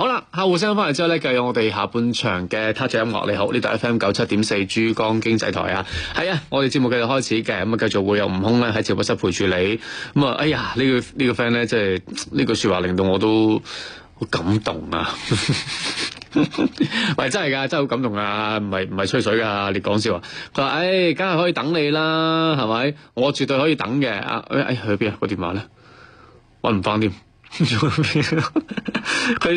好啦，客戶聲翻嚟之後咧，繼續我哋下半場嘅 touch 音樂。你好，呢度 F M 九七點四珠江經濟台啊，係啊，我哋節目繼續開始嘅，咁啊繼續會有悟空咧喺直播室陪住你。咁、嗯、啊，哎呀，這個這個、呢、這個呢個 friend 咧，即係呢句說話令到我都好感動啊！ 喂，真係噶，真係好感動啊，唔係唔係吹水噶，你講笑啊？佢話，唉、哎，梗係可以等你啦，係咪？我絕對可以等嘅。啊，哎去邊啊？個、哎、電話咧，搵唔翻添。佢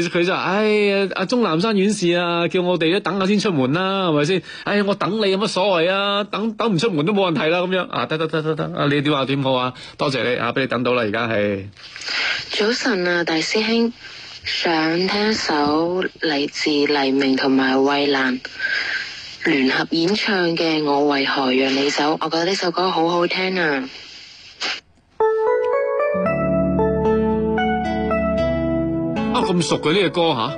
佢就話：哎呀，阿鍾南山院士啊，叫我哋都等下先出門啦，係咪先？哎，我等你有乜所謂啊？等等唔出門都冇問題啦，咁樣啊，得得得得得，你點話點好啊？多謝你啊，俾你等到啦，而家係。早晨啊，大師兄，想聽一首嚟自黎，黎明同埋衛蘭聯合演唱嘅《我為何讓你走》，我覺得呢首歌好好聽啊。咁熟嘅呢隻歌吓，啊，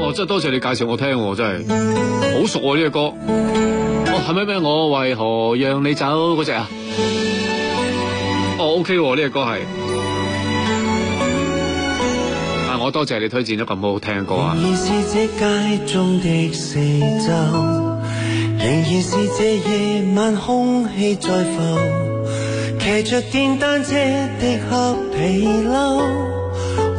哦，真係多謝你介紹我聽喎。真係好熟呢隻歌。哦，係咪咩？我為何讓你走嗰隻啊？哦，OK，呢隻歌係。啊，我多謝,謝你推薦咗咁好聽嘅歌啊！仍然是這街中的四周，仍然是這夜晚空氣在浮，騎著電單車的黑皮褸。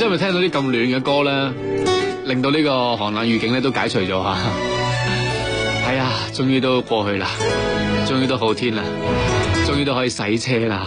即係咪聽到啲咁暖嘅歌咧，令到呢個寒冷預警咧都解除咗吓？係、哎、啊，終於都過去啦，終於都好天啦，終於都可以洗車啦。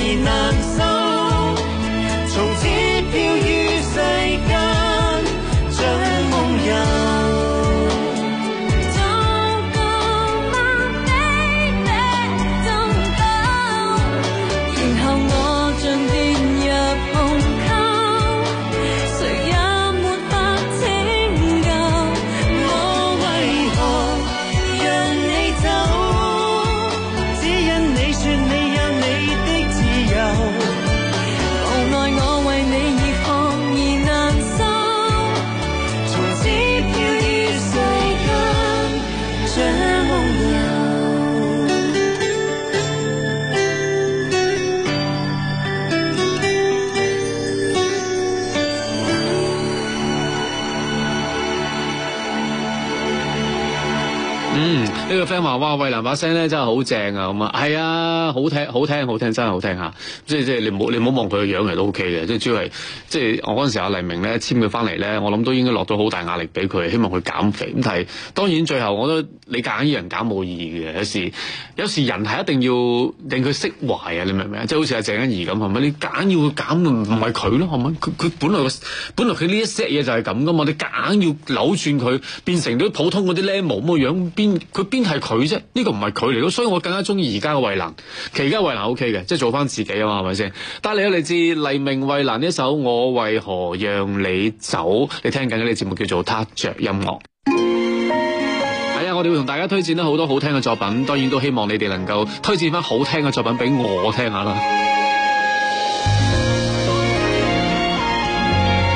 話話衛蘭把聲咧真係好正啊！咁啊，係啊，好聽好聽好聽，真係好聽嚇。即係即係你唔好你唔好望佢個樣係都 O K 嘅，即係主要係即係我嗰陣時阿黎明咧簽佢翻嚟咧，我諗、啊、都應該落咗好大壓力俾佢，希望佢減肥。咁但係當然最後我都你夾硬依人減冇意義嘅，有時有時人係一定要令佢釋懷啊！你明唔明啊？即係好似阿鄭欣宜咁係咪？你夾硬要佢減唔係佢咯，係咪？佢本來個本來佢呢一些嘢就係咁噶嘛，你夾硬要扭轉佢變成啲普通嗰啲僆模咁嘅樣，邊佢邊係佢。呢個唔係佢嚟咯，所以我更加中意而家嘅衛蘭。其家衛蘭 O K 嘅，即係做翻自己啊嘛，係咪先？帶你有嚟自黎明衛蘭呢一首《我為何讓你走》。你聽緊呢個節目叫做《Touch 着音樂》。係啊、 哎，我哋會同大家推薦好多好聽嘅作品，當然都希望你哋能夠推薦翻好聽嘅作品俾我聽下啦。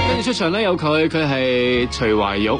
跟住 出場咧有佢，佢係徐懷鈺。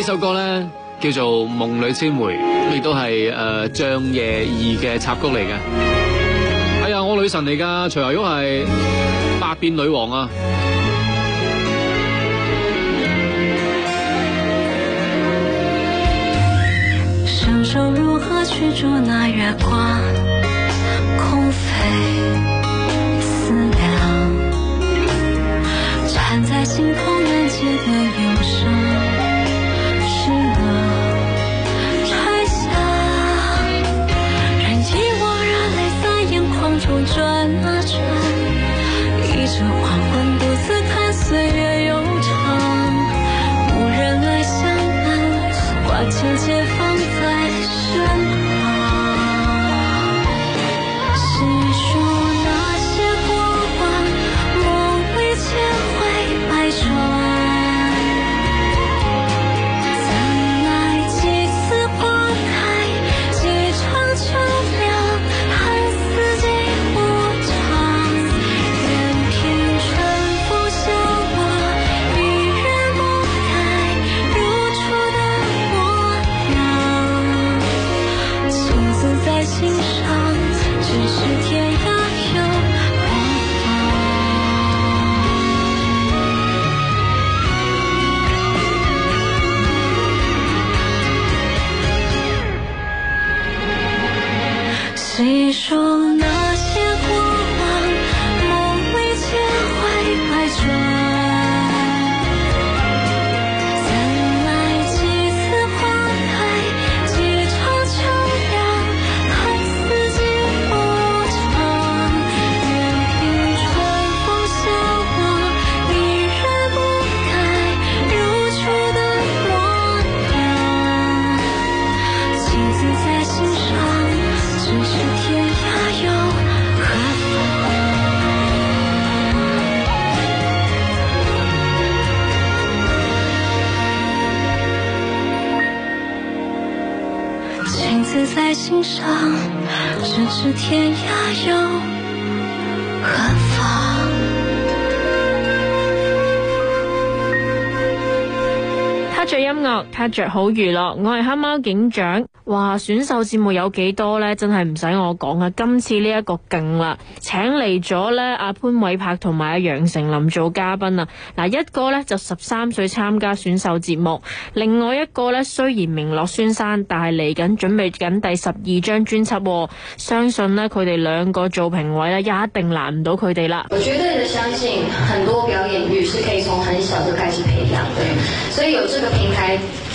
呢首歌呢，叫做《夢裏千回》，亦都係誒《將夜二》嘅插曲嚟嘅。係、哎、啊，我女神嚟噶，徐若約係百變女王啊！伸手如何去住那月光？空飛思量站在星空。卡著音樂，卡著好娛樂，我係黑貓警長。哇！選秀節目有幾多呢？真係唔使我講啊！今次呢一個勁啦，請嚟咗呢阿潘瑋柏同埋阿楊丞琳做嘉賓啊！嗱，一個呢就十三歲參加選秀節目，另外一個呢雖然名落孫山，但係嚟緊準備緊第十二張專輯，哦，相信呢，佢哋兩個做評委呢，一定難唔到佢哋啦。我絕對相信，很多表演欲是可以從很小就開始培養嘅，所以有這個平台。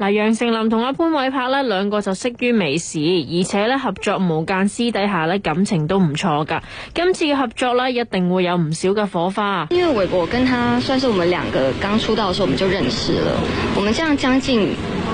嗱，楊丞琳同阿潘瑋柏兩個就識於微時，而且合作無間，私底下感情都唔錯噶。今次嘅合作一定會有唔少嘅火花。因為我我跟他，算是我們兩個剛出道嘅時候，我們就認識了。我們這樣將近。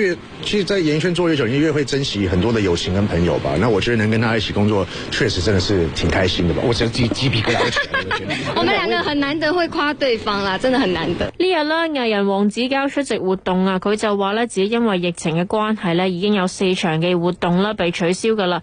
越其實，在演藝圈做越久，你越會珍惜很多的友情跟朋友吧。那我覺得能跟他一起工作，確實真的是挺開心的吧。我想係雞雞皮疙瘩。個個都 我們兩個很難得會誇對方啦，真的很難得。呢日啦，藝人黃子佼出席活動啊，佢就話咧，自己因為疫情嘅關係咧，已經有四場嘅活動啦被取消噶啦。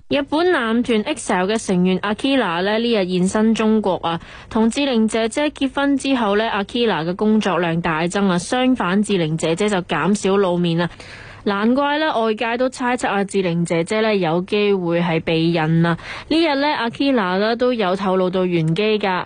日本男團 EXILE 嘅成員 Akira 呢日現身中國啊，同志玲姐姐結婚之後呢 Akira 嘅工作量大增啊，相反志玲姐姐就減少露面啦，啊，難怪呢，外界都猜測阿志玲姐姐呢有機會係避孕啊，呢日呢 Akira 呢都有透露到玄機噶。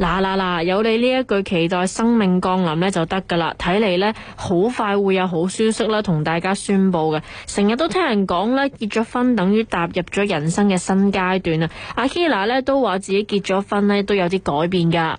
嗱嗱嗱！有你呢一句期待生命降臨咧就得噶啦，睇嚟咧好快會有好消息啦，同大家宣布嘅。成日都聽人講咧，結咗婚等於踏入咗人生嘅新階段啊！阿 Kina 咧都話自己結咗婚咧都有啲改變噶。